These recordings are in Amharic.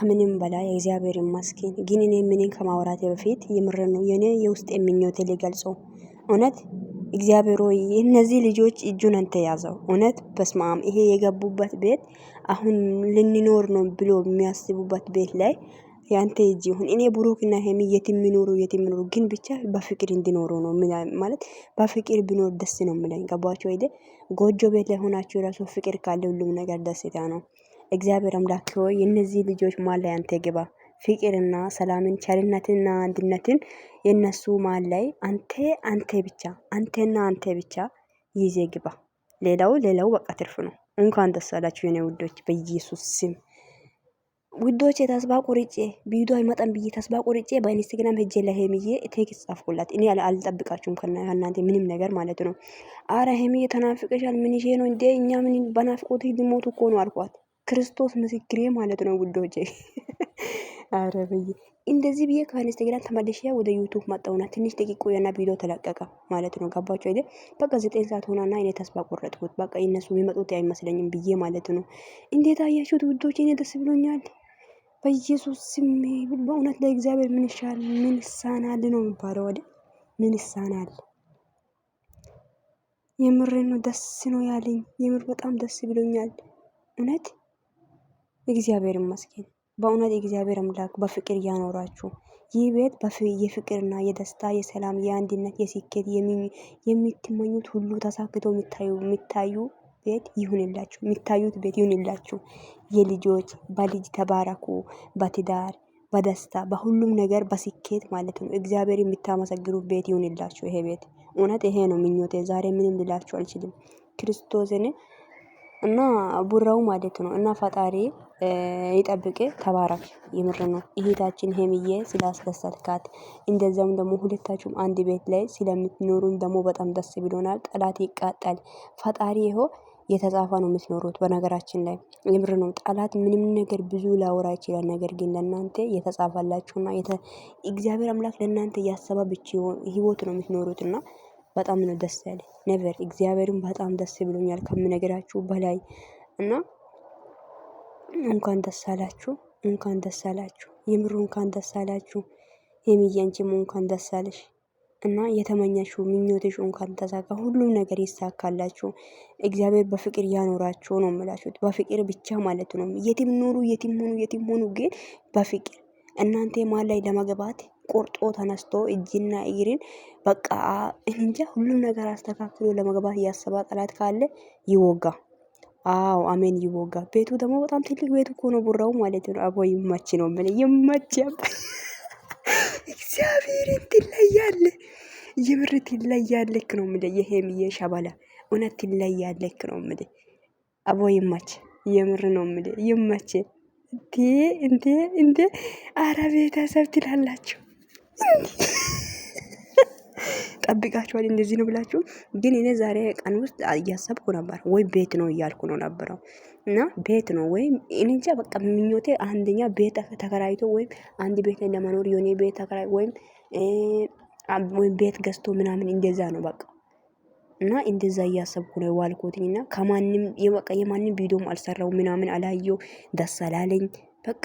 ከምንም በላይ እግዚአብሔር ይመስገን። ግን እኔ ምን ከማውራት በፊት የምር ነው የኔ የውስጥ የምኞቴ ሊገልጾ እውነት እግዚአብሔር ሆይ እነዚህ ልጆች እጁን አንተ ያዘው። እውነት በስማም ይሄ የገቡበት ቤት አሁን ልንኖር ነው ብሎ የሚያስቡበት ቤት ላይ የአንተ እጅ ይሁን። እኔ ብሩክና ሄሚ የትም ይኖሩ የትም ይኖሩ፣ ግን ብቻ በፍቅር እንዲኖሩ ነው ማለት በፍቅር ቢኖር ደስ ነው የሚለኝ። ገባቸው አይደ ጎጆ ቤት ላይ ሆናቸው የራሱ ፍቅር ካለ ሁሉም ነገር ደስታ ነው። እግዚአብሔር አምላክ ሆይ የእነዚህ ልጆች ማል ላይ አንተ ግባ። ፍቅርና ሰላምን ቸርነትንና አንድነትን የእነሱ ማል ላይ አንተ አንተ ብቻ አንተና አንተ ብቻ ይዜ ግባ። ሌላው ሌላው በቃ ትርፍ ነው። እንኳን ደስ አላችሁ የኔ ውዶች በኢየሱስ ስም ውዶች ተስባ ቁርጬ ቪዲዮ አይመጣም ብዬ ተስባ ቁርጬ በኢንስታግራም ሄጄ ለሄምዬ ቴክስት ጻፍኩላት። እኔ አልጠብቃችሁም ከእናንተ ምንም ነገር ማለት ነው። አረ ሄምዬ ተናፍቀሻል፣ ምን ይሄ ነው እንዴ? እኛ ምን በናፍቆት ሊሞቱ እኮ ነው አልኳት። ክርስቶስ ምስክሬ ማለት ነው ውዶቼ። አረ ብዬ እንደዚህ ብዬ ከኢንስታግራም ተመልሼ ወደ ዩቱብ መጣሁና ትንሽ ደቂቆና ቪዲዮ ተለቀቀ ማለት ነው። ገባችሁ አይደል? በቃ ዘጠኝ ሰዓት ሆናና እኔ ተስፋ ቆረጥኩት። በቃ እነሱ የሚመጡት አይመስለኝም ብዬ ማለት ነው። እንዴት አያችሁት ውዶቼ? እኔ ደስ ብሎኛል። በኢየሱስ ስም በእውነት ለእግዚአብሔር ምን ይሻል ምን ይሳናል ነው የሚባለው አይደል? ምን ይሳናል? የምር ነው ደስ ነው ያለኝ። የምር በጣም ደስ ብሎኛል እውነት እግዚአብሔር ይመስገን። በእውነት እግዚአብሔር አምላክ በፍቅር እያኖራችሁ ይህ ቤት የፍቅርና የደስታ የሰላም የአንድነት የስኬት የምትመኙት ሁሉ ተሳክቶ የሚታዩ ቤት ይሁንላችሁ፣ የሚታዩት ቤት ይሁንላችሁ። የልጆች በልጅ ተባረኩ፣ በትዳር በደስታ በሁሉም ነገር በስኬት ማለት ነው። እግዚአብሔር የምታመሰግኑ ቤት ይሁንላችሁ ይሄ ቤት። እውነት ይሄ ነው ምኞቴ። ዛሬ ምንም ልላችሁ አልችልም። ክርስቶስን እና ቡራው ማለት ነው እና ፈጣሪ ይጠብቅ ተባረክ። የምር ነው እህታችን ሄምዬ ስላስደሰትካት፣ እንደዚያም ደግሞ ሁለታችሁም አንድ ቤት ላይ ስለምትኖሩን ደግሞ በጣም ደስ ብሎናል። ጠላት ይቃጣል። ፈጣሪ ይሆ የተጻፈ ነው የምትኖሩት። በነገራችን ላይ የምር ነው ጠላት ምንም ነገር ብዙ ላውራ ይችላል። ነገር ግን ለእናንተ የተጻፈላችሁና እግዚአብሔር አምላክ ለእናንተ እያሰባ ብቻ ህይወት ነው የምትኖሩት እና በጣም ነው ደስ ያለ ነበር። እግዚአብሔርም በጣም ደስ ብሎኛል ከምነገራችሁ በላይ እና እንኳን ደስ አላችሁ፣ እንኳን ደስ አላችሁ፣ የምሩ እንኳን ደስ አላችሁ፣ የሚያንቺም እንኳን ደስ አለሽ እና የተመኘሽው ምኞትሽ እንኳን ተሳካ። ሁሉም ነገር ይሳካላችሁ። እግዚአብሔር በፍቅር ያኖራችሁ ነው የምላችሁት። በፍቅር ብቻ ማለት ነው። የትም ኑሩ፣ የትም ሆኑ፣ የትም ሆኑ ግን በፍቅር እናንተ ማን ላይ ለመግባት ቆርጦ ተነስቶ እጅና እግርን በቃ እንጃ ሁሉም ነገር አስተካክሎ ለመግባት ያሰባ ጠላት ካለ ይወጋ። አዎ አሜን ይወጋ። ቤቱ ደግሞ በጣም ትልቅ ቤት እኮ ነው ቡራው ማለት ነው። አቦ ይማች ነው ምን ይማች አባይ እግዚአብሔር ትለያለህ። የምር ትለያለህ ነው ምን ይሄም የሻባላ እውነት ትለያለህ ነው ምን አቦ ይማች የምር ነው ምን ይማች እንዴ እንዴ እንዴ አረ ቤተሰብ ትላላችሁ። ጠብቃችኋል እንደዚህ ነው ብላችሁ። ግን እኔ ዛሬ ቀን ውስጥ እያሰብኩ ነበር ወይ ቤት ነው እያልኩ ነው ነበረው እና ቤት ነው ወይም እኔ እንጃ በቃ ምኞቴ አንደኛ ቤት ተከራይቶ ወይም አንድ ቤት ለመኖር የሆነ ቤት ተከራይ ወይም ወይም ቤት ገዝቶ ምናምን እንደዛ ነው በቃ እና እንደዛ እያሰብኩ ነው የዋልኩትኝ እና ከማንም የበቃ የማንም ቪዲዮም አልሰራው ምናምን አላየው ደስ አላለኝ በቃ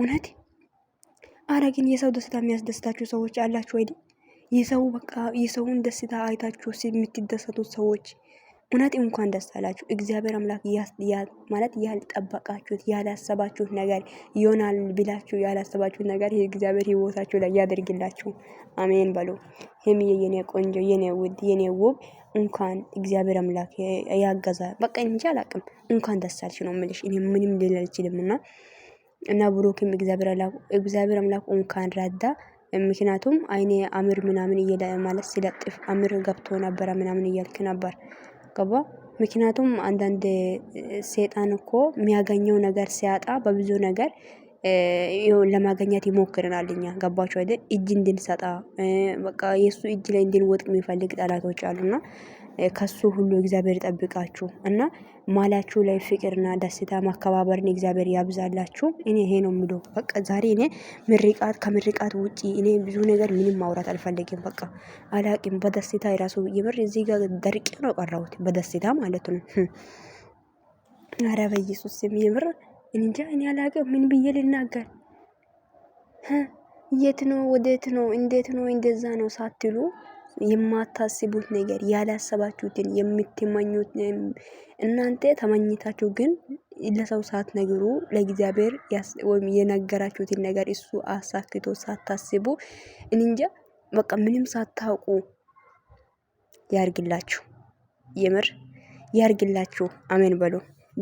እውነት። አረ ግን የሰው ደስታ የሚያስደስታችሁ ሰዎች አላችሁ ወይዴ? የሰው በቃ የሰውን ደስታ አይታችሁ የምትደሰቱ ሰዎች እውነት እንኳን ደስ አላችሁ። እግዚአብሔር አምላክ ማለት ያልጠበቃችሁት ያላሰባችሁት ነገር ይሆናል ብላችሁ ያላሰባችሁት ነገር እግዚአብሔር ህይወታችሁ ላይ ያደርግላችሁ። አሜን በሉ። ሄሚዬ የኔ ቆንጆ የኔ ውድ የኔ ውብ እንኳን እግዚአብሔር አምላክ ያገዛ በቃ እንጂ አላቅም እንኳን ደስ አልሽ ነው ምልሽ። እኔ ምንም ልል አልችልም እና እና ብሩክም እግዚአብሔር አምላክ እግዚአብሔር አምላክ እንኳን ረዳ ምክንያቱም አይኔ አምር ምናምን እየለ ማለት ሲለጥፍ አምር ገብቶ ነበረ ምናምን እያልክ ነበር ገባ። ምክንያቱም አንዳንድ ሴጣን እኮ የሚያገኘው ነገር ሲያጣ በብዙ ነገር ለማገኘት ይሞክርናል። እኛ ገባቸው አይደል? እጅ እንድንሰጣ በቃ የእሱ እጅ ላይ እንድንወጥቅ የሚፈልግ ጠላቶች አሉና ከሱ ሁሉ እግዚአብሔር ይጠብቃችሁ እና ማላችሁ ላይ ፍቅርና ደስታ ማከባበርን እግዚአብሔር ያብዛላችሁ። እኔ ይሄ ነው ምዶ በቃ ዛሬ እኔ ምርቃት ከምርቃት ውጪ እኔ ብዙ ነገር ምንም ማውራት አልፈልግም። በቃ አላቅም በደስታ የራሱ የምር እዚህ ጋር ደርቄ ነው ቀረሁት በደስታ ማለት ነው። አረ በኢየሱስ ስም የምር እንጃ እኔ አላቅም ምን ብዬ ልናገር። የት ነው ወዴት ነው እንዴት ነው እንደዛ ነው ሳትሉ የማታስቡት ነገር ያላሰባችሁትን የምትመኙት እናንተ ተመኝታችሁ ግን ለሰው ሳትነግሩ ለእግዚአብሔር ወይም የነገራችሁትን ነገር እሱ አሳክቶ ሳታስቡ እንንጃ በቃ ምንም ሳታውቁ ያርግላችሁ። የምር ያርግላችሁ። አሜን በሎ።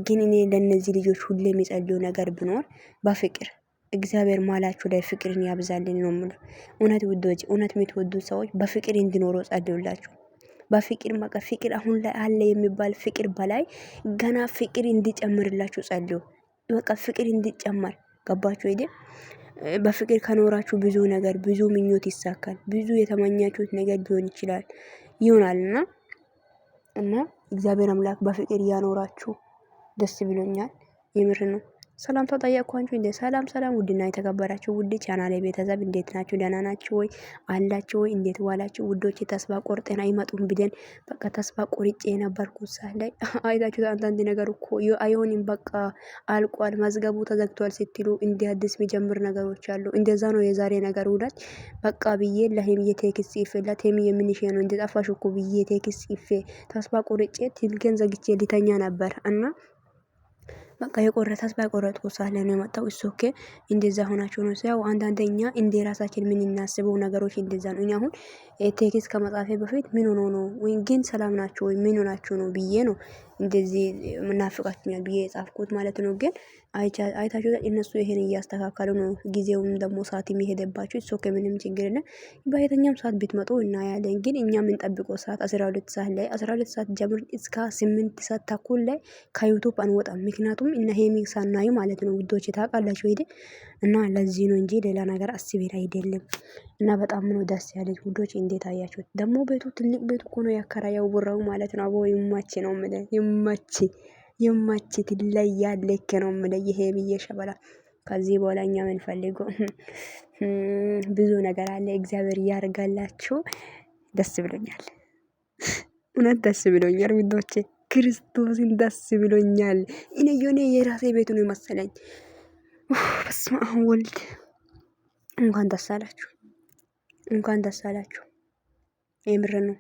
ግን እኔ ለእነዚህ ልጆች ሁሌ የሚጸልዩ ነገር ብኖር በፍቅር እግዚአብሔር ማላችሁ ላይ ፍቅርን ያብዛልን ነው የምለው። እውነት ውዶች፣ እውነት የምትወዱት ሰዎች በፍቅር እንዲኖሩ ጸልዩላችሁ። በፍቅር በቃ ፍቅር አሁን ላይ አለ የሚባል ፍቅር በላይ ገና ፍቅር እንዲጨምርላችሁ ጸልዩ። በቃ ፍቅር እንዲጨመር ገባችሁ ሄደ በፍቅር ከኖራችሁ ብዙ ነገር ብዙ ምኞት ይሳካል። ብዙ የተመኛችሁት ነገር ሊሆን ይችላል ይሆናል እና እና እግዚአብሔር አምላክ በፍቅር እያኖራችሁ ደስ ብሎኛል የምር ነው። ሰላምታ ጠየቅኳችሁ እንዴ? ሰላም ሰላም፣ ውድና የተከበራችሁ ውድ ቻናል ቤተሰብ እንዴት ናችሁ? ደህና ናችሁ ወይ? አላችሁ ወይ? እንዴት ዋላችሁ ውዶች? ተስፋ ቆርጤን አይመጡም ብለን በቃ ተስፋ ቆርጬ ነበርኩ። ሳት ላይ አይታችሁ አንዳንድ ነገር እኮ አይሆንም በቃ አልቋል፣ መዝገቡ ተዘግቷል ስትሉ እንዲህ አዲስ የሚጀምር ነገሮች አሉ። እንደዛ ነው የዛሬ ነገር ውዳች በቃ ብዬ ለሄምዬ የቴክስ ጽፌ ለቴምዬ የምንሽ ነው እንደ ጠፋሽ እኮ ብዬ ቴክስ ጽፌ ተስፋ ቆርጬ ትልገን ዘግቼ ሊተኛ ነበር እና በቃ የቆረታት ባይቆረጥኩ ሳለ ነው የመጣው። እሱ ኦኬ እንደዛ ሆናችሁ ነው ሲያው አንዳንደኛ እንደ ራሳችን ምን እናስበው ነገሮች እንደዛ ነው። እኔ አሁን ቴክስት ከመጻፌ በፊት ምን ሆኖ ነው ወይ ግን ሰላም ናችሁ ወይ ምን ሆናችሁ ነው ብዬ ነው እንደዚህ ምናፍቃችኛል ብዬ የጻፍኩት ማለት ነው። ግን አይታችሁ እነሱ ይሄን እያስተካከሉ ነው። ጊዜውም ደግሞ ሰዓት የሚሄደባቸው እሱ ከምንም ችግር የለም። በየተኛም ሰዓት ብትመጡ እናያለን። ግን እኛ የምንጠብቀው ሰዓት አስራ ሁለት ሰዓት ላይ አስራ ሁለት ሰዓት ጀምር እስከ ስምንት ሰዓት ተኩል ላይ ከዩቱብ አንወጣም። ምክንያቱም እና ሄሚንግ ሳናዩ ማለት ነው ውዶች ታውቃላችሁ ሄደ እና ለዚህ ነው እንጂ ሌላ ነገር አስቤር አይደለም። እና በጣም ነው ደስ ያለኝ። ውዶች እንዴት አያችሁት? ደግሞ ቤቱ ትልቅ ቤት እኮ ነው ያከራየው ቡራው ማለት ነው። አቦ ይማች ነው ምለ ይማች ይማች ያለክ ነው ምለ ይሄ ብዬ ሸበላ ከዚህ በኋላ እኛ ምን ምንፈልገው ብዙ ነገር አለ። እግዚአብሔር ያርጋላችሁ። ደስ ብሎኛል፣ እውነት ደስ ብሎኛል ውዶቼ ክርስቶስን ደስ ብሎኛል። እኔ የኔ የራሴ ቤት ነው የመሰለኝ። በስመ አብ ወልድ እንኳን ደስ አላችሁ። እንኳን ደስ አላችሁ። የምር ነው።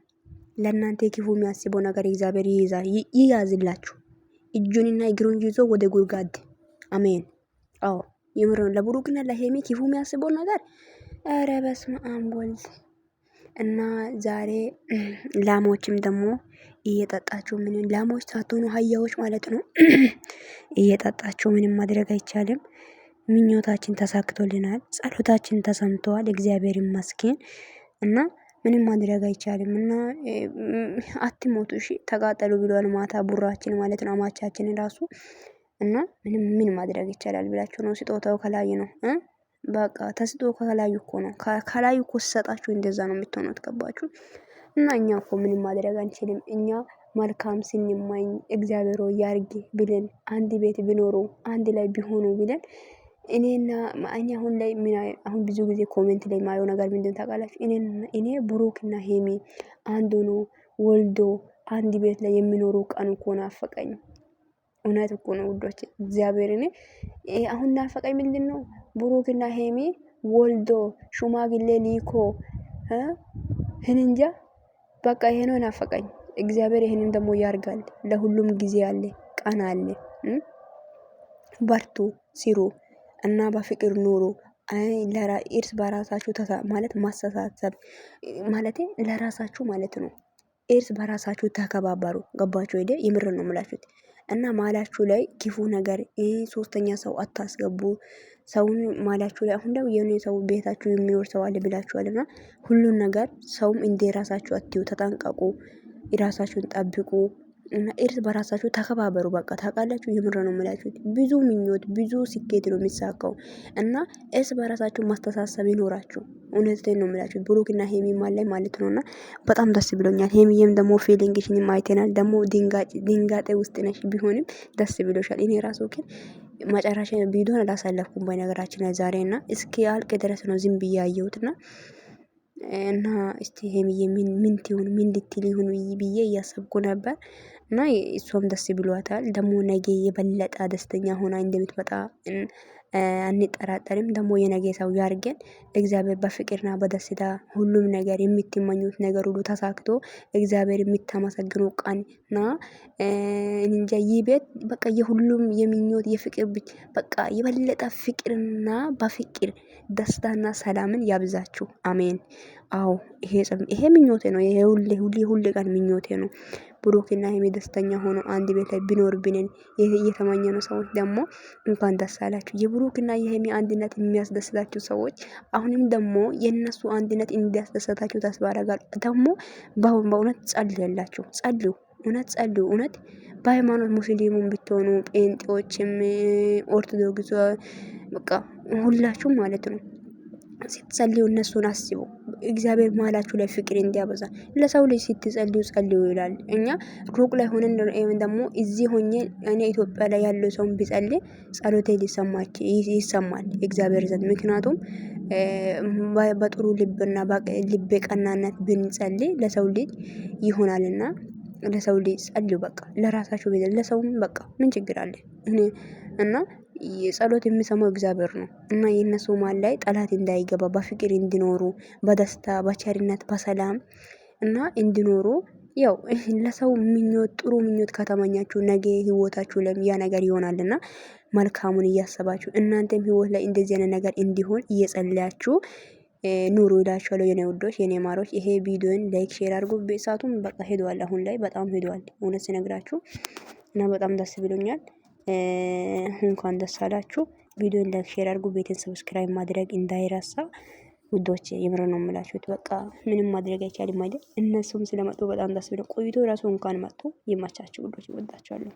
ለእናንተ ክፉ የሚያስበው ነገር እግዚአብሔር ይያዝላችሁ። እጁንና እግሩን ይዞ ወደ ጉድጓድ አሜን። አዎ የምር ነው። ለብሩክና ለሄሚ ክፉ የሚያስበው ነገር ኧረ በስመ አብ ወልድ እና ዛሬ ላሞችም ደግሞ እየጠጣችሁ ምን ላሞች ሳትሆኑ አህያዎች ማለት ነው እየጠጣችሁ ምንም ማድረግ አይቻልም። ምኞታችን ተሳክቶልናል። ጸሎታችን ተሰምተዋል። እግዚአብሔር ይመስገን። እና ምንም ማድረግ አይቻልም እና አትሞቱ እሺ ተቃጠሉ ብሏል ማታ ቡራችን ማለት ነው አማቻችን ራሱ እና ምንም ምን ማድረግ ይቻላል ብላችሁ ነው። ስጦታው ከላይ ነው። በቃ ተስጦ ከላይ እኮ ነው ከላይ እኮ ሲሰጣችሁ እንደዛ ነው የምትሆኑት። ገባችሁ? እና እኛ እኮ ምንም ማድረግ አንችልም። እኛ መልካም ስንማኝ እግዚአብሔር ሆይ ያርግ ብለን አንድ ቤት ቢኖሩ አንድ ላይ ቢሆኑ ብለን እኔና እኔ አሁን ላይ ምን አሁን ብዙ ጊዜ ኮሜንት ላይ ማየው ነገር ምንድን ታውቃላችሁ? እኔ ብሩክና ሄሚ አንድ ሆኖ ወልዶ አንድ ቤት ላይ የሚኖሩ ቀን እኮ ናፈቀኝ። እውነት እኮ ነው ውዶች፣ እግዚአብሔር እኔ አሁን ናፈቀኝ። ምንድን ነው ብሩክና ሄሚ ወልዶ ሹማግሌ ሊኮ ህንንጃ በቃ ይሄ ነው ናፈቀኝ። እግዚአብሔር ይሄንን ደግሞ ያርጋል። ለሁሉም ጊዜ አለ፣ ቀን አለ። በርቱ፣ ሲሩ እና በፍቅር ኑሩ። እርስ በራሳችሁ ማለት ማስተሳሰብ ማለት ለራሳችሁ ማለት ነው። እርስ በራሳችሁ ተከባበሩ ገባችሁ አይደል? የምር ነው የምላችሁት። እና ማላችሁ ላይ ክፉ ነገር ሶስተኛ ሰው አታስገቡ። ሰውን ማላችሁ ላይ አሁን ደግሞ የሆነ ሰው ቤታችሁ የሚኖር ሰው አለ ብላችኋል እና ሁሉን ነገር ሰውም እንደ ራሳችሁ አትዩ። ተጠንቀቁ። ራሳችሁን ጠብቁ እና እርስ በራሳችሁ ተከባበሩ። በቃ ታውቃላችሁ፣ የምር ነው የምላችሁ። ብዙ ምኞት፣ ብዙ ስኬት ነው የሚሳካው እና እርስ በራሳችሁ ማስተሳሰብ ይኖራችሁ። እውነት ነው የምላችሁ ብሩክና ሄሚ ማላይ ማለት ነው እና በጣም ደስ ብሎኛል። ሄሚዬም ደግሞ ፊሊንግሽን አይተናል። ደግሞ ድንጋጤ ውስጥ ነሽ ቢሆንም ደስ ብሎሻል። እኔ ራሱ ግን መጨረሻ ቪዲዮን አላሳለፍኩም በነገራችን ላይ ዛሬ እና እስኪ አልቅ ድረስ ነው ዝም ብዬ አየሁትና እና እስቲ ሄሚዬ ምን ምን ትሆን ምን ልትል ይሁን ብዬ እያሰብኩ ነበር። እና እሷም ደስ ብሏታል። ደግሞ ነገ የበለጠ ደስተኛ ሆና እንደምትመጣ አንጠራጠርም። ደግሞ የነገ ሰው ያርገን። እግዚአብሔር በፍቅርና በደስታ ሁሉም ነገር የምትመኙት ነገር ሁሉ ተሳክቶ እግዚአብሔር የምታመሰግኑ እና እንጃ ይህ ቤት በቃ የሁሉም የምኞት የፍቅር በቃ የበለጠ ፍቅርና በፍቅር ደስታና ሰላምን ያብዛችሁ። አሜን። አዎ ይሄ ጽም ይሄ ምኞቴ ነው። ይሄ ሁሌ ሁሌ ሁሌ ቀን ምኞቴ ነው። ብሩክና ሀይሚ ደስተኛ ሆኖ አንድ ቤት ላይ ቢኖር ቢኖርብን ነው። ሰዎች ደግሞ እንኳን ደስ አላችሁ። የብሩክና የሀይሚ አንድነት የሚያስደስታችሁ ሰዎች አሁንም ደግሞ የእነሱ አንድነት እንዲያስደስታችሁ ተስፋ አደርጋለሁ። ደግሞ በአሁን በእውነት ጸልዩላችሁ፣ ጸልዩ፣ እውነት ጸልዩ። እውነት በሃይማኖት ሙስሊሙም ብትሆኑ ጴንጤዎችም፣ ኦርቶዶክስ በቃ ሁላችሁም ማለት ነው ስትጸልዩ እነሱን አስቡ። እግዚአብሔር መሀላችሁ ላይ ፍቅር እንዲያበዛ ለሰው ልጅ ስትጸልዩ ጸልዩ ይላል። እኛ ሩቅ ላይ ሆነን ወይም ደግሞ እዚህ ሆኜ እኔ ኢትዮጵያ ላይ ያለው ሰውን ቢጸልይ ጸሎቴ ሊሰማች ይሰማል እግዚአብሔር ዘንድ። ምክንያቱም በጥሩ ልብና ልቤ ቀናነት ብንጸልይ ለሰው ልጅ ይሆናልና ለሰው ልጅ ጸልዩ። በቃ ለራሳችሁ ለሰውም በቃ ምን ችግር አለ እና የጸሎት የሚሰማው እግዚአብሔር ነው እና የእነሱ መሃል ላይ ጠላት እንዳይገባ በፍቅር እንዲኖሩ በደስታ በቸርነት በሰላም እና እንዲኖሩ ያው ለሰው ምኞት ጥሩ ምኞት ከተመኛችሁ ነገ ህይወታችሁ ለም ያ ነገር ይሆናልና መልካሙን እያሰባችሁ እናንተም ህይወት ላይ እንደዚህ አይነት ነገር እንዲሆን እየጸለያችሁ ኑሩ ይላችኋለሁ። የኔ ውዶች፣ የኔ ማሮች፣ ይሄ ቪዲዮን ላይክ፣ ሼር አድርጉ። ሰዓቱም በቃ ሄዷል። አሁን ላይ በጣም ሄዷል እውነት ስነግራችሁ እና በጣም ደስ ብሎኛል። እንኳን ደስ አላችሁ። ቪዲዮን ላይክ፣ ሼር አድርጉ። ቤትን ሰብስክራይብ ማድረግ እንዳይረሳ ውዶች። የምር ነው የምላችሁት። በቃ ምንም ማድረግ አይቻልም አይደል? እነሱም ስለመጡ በጣም ደስ ብሎ ቆይቶ ራሱ እንኳን መጡ። ይማቻችሁ ውዶች፣ ይወዳችኋለሁ።